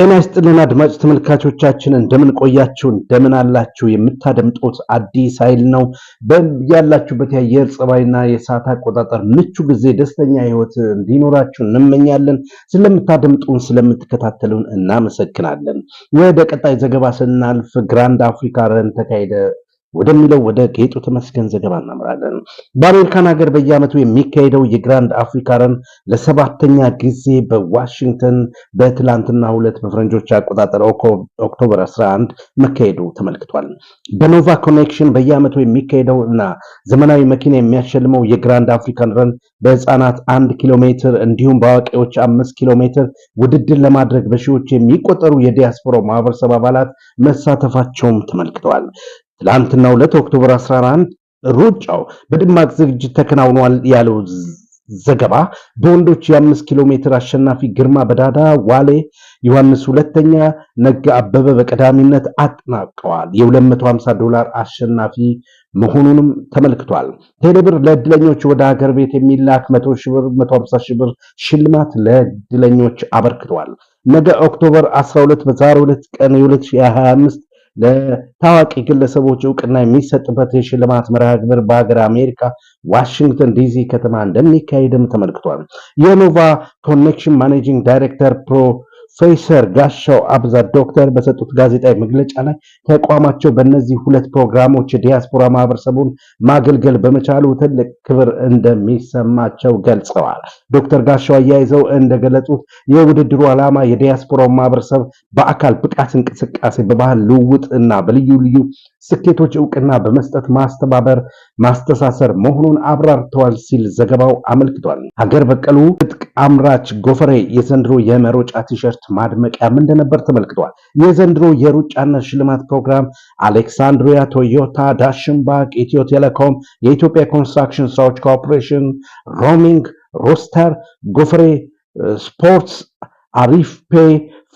ጤና ይስጥልን አድማጭ ተመልካቾቻችን፣ እንደምን ቆያችሁ? እንደምን አላችሁ? የምታደምጡት አዲስ ኃይል ነው። ያላችሁበት የአየር ጸባይና የሰዓት አቆጣጠር ምቹ ጊዜ፣ ደስተኛ ህይወት እንዲኖራችሁ እንመኛለን። ስለምታደምጡን፣ ስለምትከታተሉን እናመሰግናለን። ወደ ቀጣይ ዘገባ ስናልፍ ግራንድ አፍሪካ ረን ተካሄደ ወደሚለው ወደ ጌጡ ተመስገን ዘገባ እናምራለን። በአሜሪካን ሀገር በየዓመቱ የሚካሄደው የግራንድ አፍሪካ ረን ለሰባተኛ ጊዜ በዋሽንግተን በትላንትና ሁለት በፈረንጆች አቆጣጠር ኦክቶበር 11 መካሄዱ ተመልክቷል። በኖቫ ኮኔክሽን በየዓመቱ የሚካሄደው እና ዘመናዊ መኪና የሚያሸልመው የግራንድ አፍሪካን ረን በህፃናት አንድ ኪሎ ሜትር እንዲሁም በአዋቂዎች አምስት ኪሎ ሜትር ውድድር ለማድረግ በሺዎች የሚቆጠሩ የዲያስፖራ ማህበረሰብ አባላት መሳተፋቸውም ተመልክተዋል። ትላንትና 2 ኦክቶበር 11 ሩጫው በደማቅ ዝግጅት ተከናውኗል ያለው ዘገባ በወንዶች የአምስት ኪሎ ሜትር አሸናፊ ግርማ በዳዳ ዋሌ ዮሐንስ ሁለተኛ፣ ነገ አበበ በቀዳሚነት አጠናቀዋል። የ250 ዶላር አሸናፊ መሆኑንም ተመልክቷል። ቴሌብር ለእድለኞች ወደ ሀገር ቤት የሚላክ 100 ሺህ ብር፣ 150 ሺህ ብር ሽልማት ለእድለኞች አበርክቷል። ነገ ኦክቶበር 12 በዛሬው ዕለት ቀን የ2025 ለታዋቂ ግለሰቦች እውቅና የሚሰጥበት የሽልማት መርሃ ግብር በሀገር አሜሪካ ዋሽንግተን ዲሲ ከተማ እንደሚካሄድም ተመልክቷል። የኖቫ ኮኔክሽን ማኔጂንግ ዳይሬክተር ፕሮ ፌይሰር ጋሻው አብዛ ዶክተር በሰጡት ጋዜጣዊ መግለጫ ላይ ተቋማቸው በእነዚህ ሁለት ፕሮግራሞች ዲያስፖራ ማህበረሰቡን ማገልገል በመቻሉ ትልቅ ክብር እንደሚሰማቸው ገልጸዋል። ዶክተር ጋሻው አያይዘው እንደገለጹት የውድድሩ ዓላማ የዲያስፖራው ማህበረሰብ በአካል ብቃት እንቅስቃሴ፣ በባህል ልውውጥ እና በልዩ ልዩ ስኬቶች እውቅና በመስጠት ማስተባበር፣ ማስተሳሰር መሆኑን አብራርተዋል ሲል ዘገባው አመልክቷል። ሀገር በቀሉ ትጥቅ አምራች ጎፈሬ የዘንድሮ የመሮጫ ቲሸርት ማድመቂያም እንደነበር ተመልክቷል። የዘንድሮ የሩጫና ሽልማት ፕሮግራም አሌክሳንድሪያ፣ ቶዮታ፣ ዳሽን ባንክ፣ ኢትዮ ቴሌኮም፣ የኢትዮጵያ ኮንስትራክሽን ስራዎች ኮርፖሬሽን፣ ሮሚንግ፣ ሮስተር፣ ጎፍሬ ስፖርትስ፣ አሪፍ ፔ፣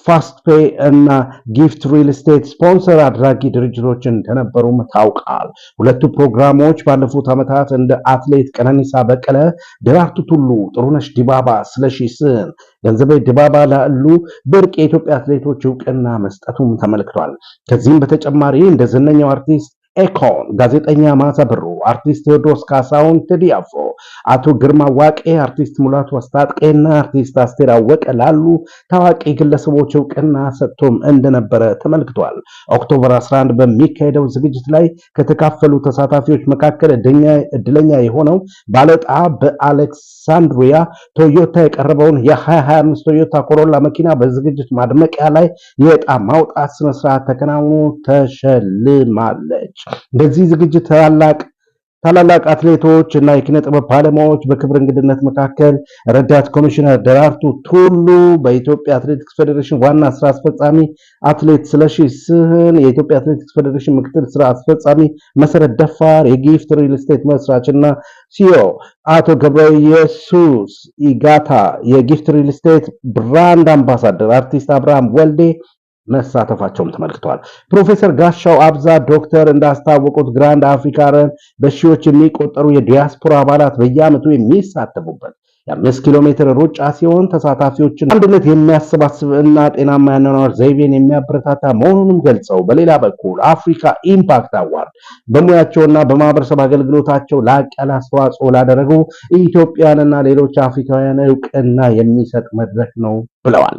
ፋስት ፔይ እና ጊፍት ሪል ስቴት ስፖንሰር አድራጊ ድርጅቶች እንደነበሩም ታውቃል። ሁለቱ ፕሮግራሞች ባለፉት ዓመታት እንደ አትሌት ቀነኒሳ በቀለ፣ ደራርቱ ቱሉ፣ ጥሩነሽ ዲባባ፣ ስለሺ ስህን፣ ገንዘቤ ዲባባ ላሉ ብርቅ የኢትዮጵያ አትሌቶች እውቅና መስጠቱም ተመልክቷል። ከዚህም በተጨማሪ እንደ ዝነኛው አርቲስት ኤኮን፣ ጋዜጠኛ ማዛ ብሩ አርቲስት ቴዎድሮስ ካሳሁን ቴዲያፎ፣ አቶ ግርማ ዋቄ፣ አርቲስት ሙላቱ አስታጥቄና አርቲስት አስቴር አወቀ ላሉ ታዋቂ ግለሰቦች እውቅና ሰጥቶም እንደነበረ ተመልክቷል። ኦክቶበር 11 በሚካሄደው ዝግጅት ላይ ከተካፈሉ ተሳታፊዎች መካከል እድለኛ የሆነው ባለጣ በአሌክሳንድሪያ ቶዮታ የቀረበውን የ2025 ቶዮታ ኮሮላ መኪና በዝግጅት ማድመቂያ ላይ የዕጣ ማውጣት ስነስርዓት ተከናውኖ ተሸልማለች። በዚህ ዝግጅት ታላቅ ታላላቅ አትሌቶች እና የኪነ ጥበብ ባለሙያዎች በክብር እንግድነት መካከል ረዳት ኮሚሽነር ደራርቱ ቱሉ፣ በኢትዮጵያ አትሌቲክስ ፌዴሬሽን ዋና ስራ አስፈጻሚ አትሌት ስለሺ ስህን፣ የኢትዮጵያ አትሌቲክስ ፌዴሬሽን ምክትል ስራ አስፈጻሚ መሰረት ደፋር፣ የጊፍት ሪል ስቴት መስራች እና ሲዮ አቶ ገብረ ኢየሱስ ኢጋታ፣ የጊፍት ሪል ስቴት ብራንድ አምባሳደር አርቲስት አብርሃም ወልዴ መሳተፋቸውም ተመልክተዋል። ፕሮፌሰር ጋሻው አብዛ ዶክተር እንዳስታወቁት ግራንድ አፍሪካርን በሺዎች የሚቆጠሩ የዲያስፖራ አባላት በየዓመቱ የሚሳተፉበት የአምስት ኪሎ ሜትር ሩጫ ሲሆን ተሳታፊዎችን አንድነት የሚያሰባስብ እና ጤናማ ያኗኗር ዘይቤን የሚያበረታታ መሆኑንም ገልጸው በሌላ በኩል አፍሪካ ኢምፓክት አዋርድ በሙያቸውና በማህበረሰብ አገልግሎታቸው ላቅ ያለ አስተዋጽኦ ላደረጉ ኢትዮጵያንና ሌሎች አፍሪካውያን እውቅና የሚሰጥ መድረክ ነው ብለዋል።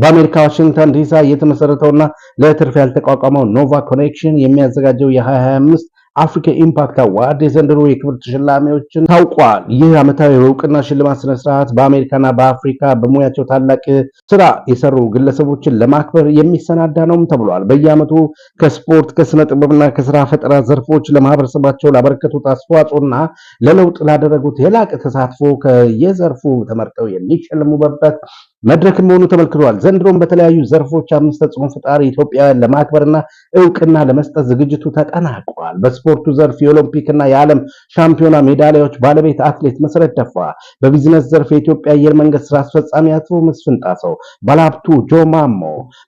በአሜሪካ ዋሽንግተን ዲሲ የተመሰረተውና ለትርፍ ያልተቋቋመው ኖቫ ኮኔክሽን የሚያዘጋጀው የ2025 አፍሪካ ኢምፓክት አዋርድ የዘንድሮ የክብር ተሸላሚዎችን ታውቋል። ይህ ዓመታዊ እውቅና ሽልማት ስነስርዓት በአሜሪካና በአፍሪካ በሙያቸው ታላቅ ስራ የሰሩ ግለሰቦችን ለማክበር የሚሰናዳ ነውም ተብሏል። በየዓመቱ ከስፖርት ከስነ ጥበብና ከስራ ፈጠራ ዘርፎች ለማህበረሰባቸው ላበረከቱት አስተዋጽኦና ለለውጥ ላደረጉት የላቀ ተሳትፎ ከየዘርፉ ተመርጠው የሚሸለሙበት መድረክም መሆኑ ተመልክቷል። ዘንድሮም በተለያዩ ዘርፎች አምስት ተጽዕኖ ፈጣሪ ኢትዮጵያውያን ለማክበርና እውቅና ለመስጠት ዝግጅቱ ተጠናቋል። በስፖርቱ ዘርፍ የኦሎምፒክና የዓለም ሻምፒዮና ሜዳሊያዎች ባለቤት አትሌት መሰረት ደፋ፣ በቢዝነስ ዘርፍ የኢትዮጵያ አየር መንገድ ስራ አስፈጻሚ አቶ መስፍን ጣሰው፣ ባለሀብቱ ጆ ማሞ፣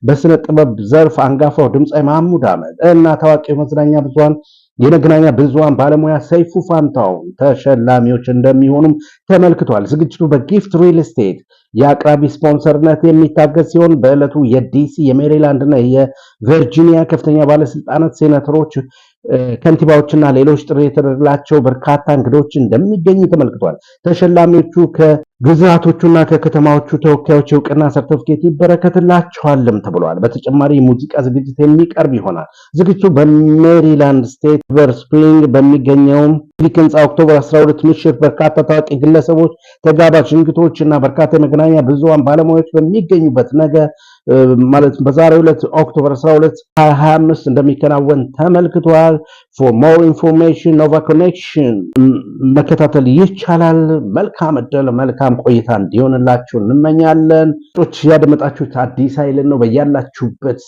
በስነ ጥበብ ዘርፍ አንጋፋው ድምፃዊ ማሙድ አህመድ እና ታዋቂው መዝናኛ ብዙሃን የመገናኛ ብዙሃን ባለሙያ ሰይፉ ፋንታውን ተሸላሚዎች እንደሚሆኑም ተመልክቷል። ዝግጅቱ በጊፍት ሪል ስቴት የአቅራቢ ስፖንሰርነት የሚታገዝ ሲሆን በዕለቱ የዲሲ የሜሪላንድና የቨርጂኒያ ከፍተኛ ባለስልጣናት፣ ሴናተሮች፣ ከንቲባዎችና ሌሎች ጥሪ የተደረገላቸው በርካታ እንግዶች እንደሚገኙ ተመልክቷል። ተሸላሚዎቹ ከ ግዛቶቹና ከከተማዎቹ ተወካዮች እውቅና ሰርተፍኬት ይበረከትላቸዋልም ተብሏል። በተጨማሪ የሙዚቃ ዝግጅት የሚቀርብ ይሆናል። ዝግጅቱ በሜሪላንድ ስቴት በር ስፕሪንግ በሚገኘውም ሊክ ህንፃ ኦክቶበር 12 ምሽት በርካታ ታዋቂ ግለሰቦች፣ ተጋባዥ እንግቶች እና በርካታ የመገናኛ ብዙሃን ባለሙያዎች በሚገኙበት ነገ ማለት በዛሬ ሁለት ኦክቶበር 12 25 እንደሚከናወን ተመልክቷል። ፎር ሞር ኢንፎርሜሽን ኖቫ ኮኔክሽን መከታተል ይቻላል። መልካም እድል፣ መልካም ቆይታ እንዲሆንላችሁ እንመኛለን። ጦች ያደመጣችሁት አዲስ ኃይልን ነው። በያላችሁበት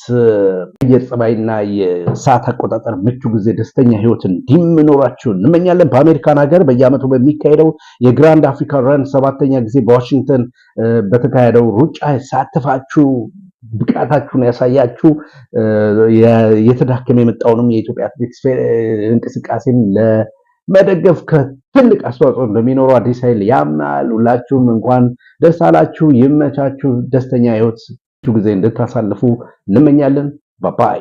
የጸባይና የሰዓት አቆጣጠር ምቹ ጊዜ፣ ደስተኛ ህይወት እንዲምኖራችሁ እንመኛለን። በአሜሪካን ሀገር በየአመቱ በሚካሄደው የግራንድ አፍሪካ ረን ሰባተኛ ጊዜ በዋሽንግተን በተካሄደው ሩጫ ሳትፋችሁ ብቃታችሁን ያሳያችሁ የተዳከመ የመጣውንም የኢትዮጵያ አትሌቲክስ እንቅስቃሴን ለመደገፍ ከትልቅ አስተዋጽኦ እንደሚኖረው አዲስ ኃይል ያምናል። ሁላችሁም እንኳን ደስ አላችሁ፣ ይመቻችሁ፣ ደስተኛ ህይወት ጊዜ እንድታሳልፉ እንመኛለን። ባባይ